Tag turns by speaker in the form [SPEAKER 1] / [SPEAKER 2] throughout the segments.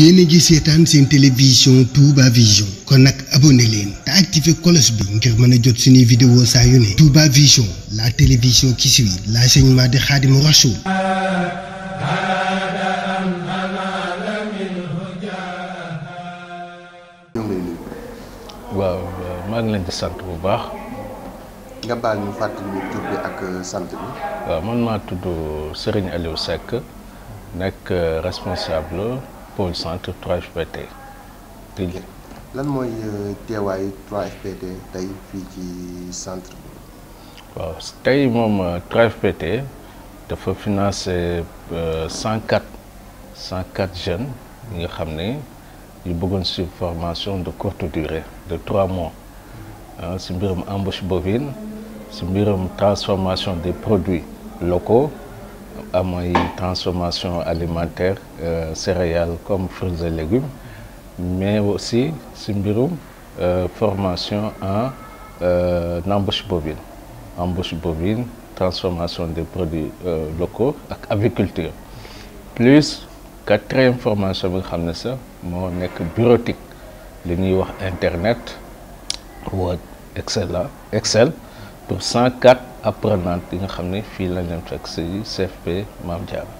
[SPEAKER 1] yéen a ngi seetaan seen télévision Touba Vision kon nag abonné leen te activé cloche bi ngir mën a jot suñuy vidéo saa yu ne Touba Vision la télévision qui suit l'enseignement de Khadimou Rassoul waaw maa ngi leen di sant bu baax nga baal ñu fàttali tur bi ak euh, sant bi waaw man maa tudd Serigne Aliou Seck nekk euh, responsable pôle centre 3FPT. lan mooy euh, teewaayu 3FPT tey fii ci centre bi. waaw tey moom 3FPT euh, dafa financer euh, jeunes yi nga xam ne yu bëggoon su formation de courte durée de 3 mois mm-hmm. ah, si mbirum embauche bovine si mbirum transformation des produits locaux. amooy transformation alimentaire euh, céréales comme fruits et légumes mais aussi si mbirum euh, formation en euh, embouche bovine embouche bovine transformation des produits euh, locaux ak aviculture plus quatrième formation bi nga xam ne sax moo nekk bureautique li ñuy wax internet Word Excel la Excel pour 104 apprenante yi nga xam ne fii lañ leen fekk si CFP Mame Diarra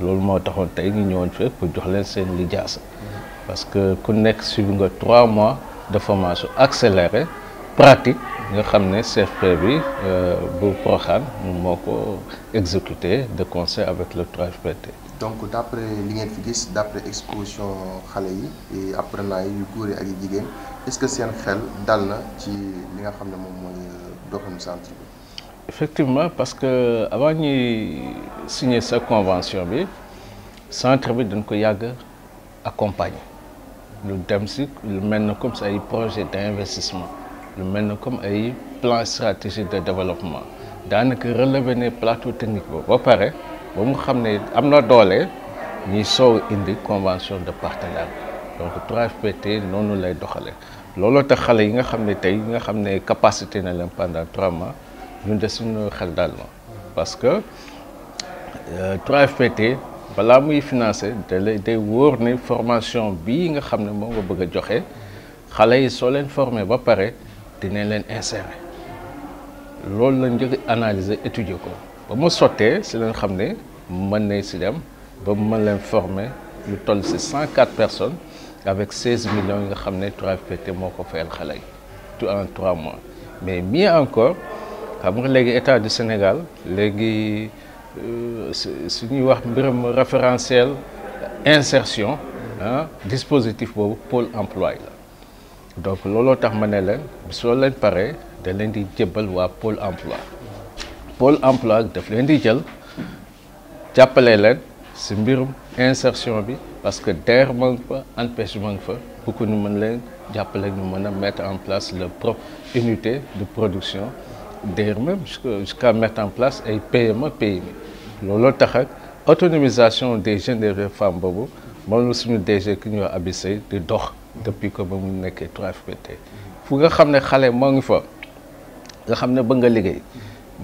[SPEAKER 1] loolu moo taxoon tey ñu ñëwoon fii pour jox leen seen lijaasa parce que ku nekk suivi nga trois mois de formation accélérée pratique nga xam ne CFP bi euh, bu Proxaan moo ko exécuté de conseil avec le 3FPT. donc d' li ngeen fi gis d' après exposition xale yi apprenants yi yu góor ak yi jigéen est ce que seen xel dal na ci li nga xam ne moom mooy euh, doxum centre bi. effectivement parce que avant ñuy signer sa convention bi centre bi dañ ko yàgg accompagne lu dem si lu mel na comme si ay projet d'investissement lu mel na comme ay plan stratégique de développement daanaka relever ne plateau technique boobu ba pare ba mu xam ne am na doole ñuy soow indi convention de partenariat donc 3FPT noonu lay doxale looloo tax xale yi nga xam ne tey yi nga xam ne capacité na leen pendant trois mois ñu des suñu xel daal ma parce que euh, 3FPT balaa muy financé de lay day wóor ne formation bi nga xam ne moom nga bëgg a joxe xale yi soo leen formé ba pare dinañ leen insérer loolu la njëkk analyser étudier ko ba ma sottee si leen xam ne mën nañ si dem ba mu mën leen former lu toll si 104 personnes avec 16 million yi nga xam ne 3FPT moo ko fayal xale yi tout en trois mois mais mieux encore. xam nga léegi état du Sénégal léegi euh, su ñuy wax mbiram référentiel insertion ah dispositif boobu pôle emploi la donc looloo tax ma ne leen soo leen paree da leen di jébbal waa pôle emploi pôle emploi daf leen di jël jàppale leen si mbirum insertion bi parce que DER ma ngi fa ANPEJ ma ngi fa pour que ñu mën leen jàppale ñu mën a mettre en place leur propre unité de production d'ailleurs même jusqu'à mettre en place ay PME PMI looloo tax ak autonomisation des jeunes et des boobu moom la suñu DG ki ñuy wax Abi Seye di dox depuis que ba mu nekkee 3FPT fu nga xam ne xale moo ngi fa nga xam ne ba nga liggéey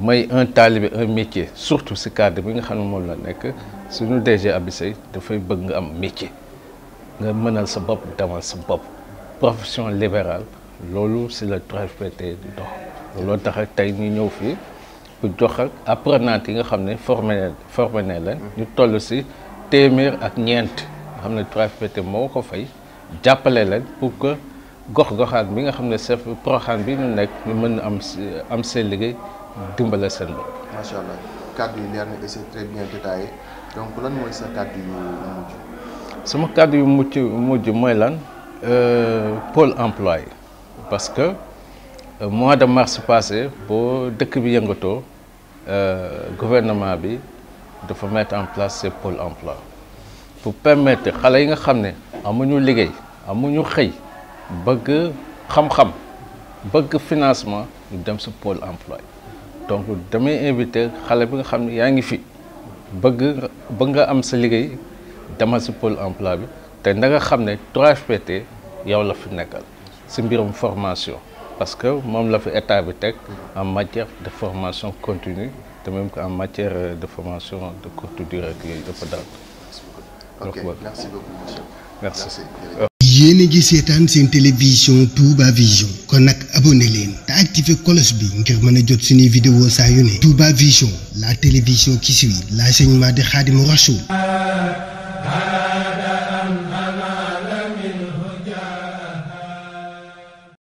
[SPEAKER 1] may un talibé un métier surtout si cadre bi nga xam ne moom la nekk suñu DG Abi dafay bëgg nga am métier nga mënal sa bopp demal sa bopp profession libérale loolu si la 3FPT di dox loolu tax ak tey ñu ñëw fii pour jox ak apprenante yi nga xam ne formé formé ne leen mm-hmm. ñu toll si téeméer ak ñeent nga xam ne 3FPT moo ko fay jàppale leen pour que gox-goxaan bi nga xam ne chef programme bi ñu nekk ñu mën am am seen liggéey dimbale seen bopp. macha allah kàddu yi leer na donc lan mooy sa kàddu yu mujj. sama kàddu yu mucc mujj mooy lan euh, pôle emploi parce que. Euh, mois de mars passé boo dëkk bi yëngatoo euh, gouvernement bi dafa mettre en place ces pôles emploi pour permettre xale yi nga xam ne amuñu liggéey amuñu xëy bëgg xam-xam bëgg financement ñu dem sa pôle emploi donc damay invité xale bi nga xam ne yaa ngi fi bëgg bëgg nga am sa liggéey demal si pôle emploi bi te na nga xam ne 3FPT yow la fi nekkal si mbirum formation parce que moom la fi état bi teg en matière de formation continue de même qu'en matière de formation de courte durée ak yooyu dafa daal. ok merci beaucoup monsieur. seetaan seen télévision Touba Vision kon nag abonné leen te activé cloche bi ngir mën a jot suñuy vidéo saa yu ne Touba Vision la télévision qui suit l'enseignement de Khadimou Rassoul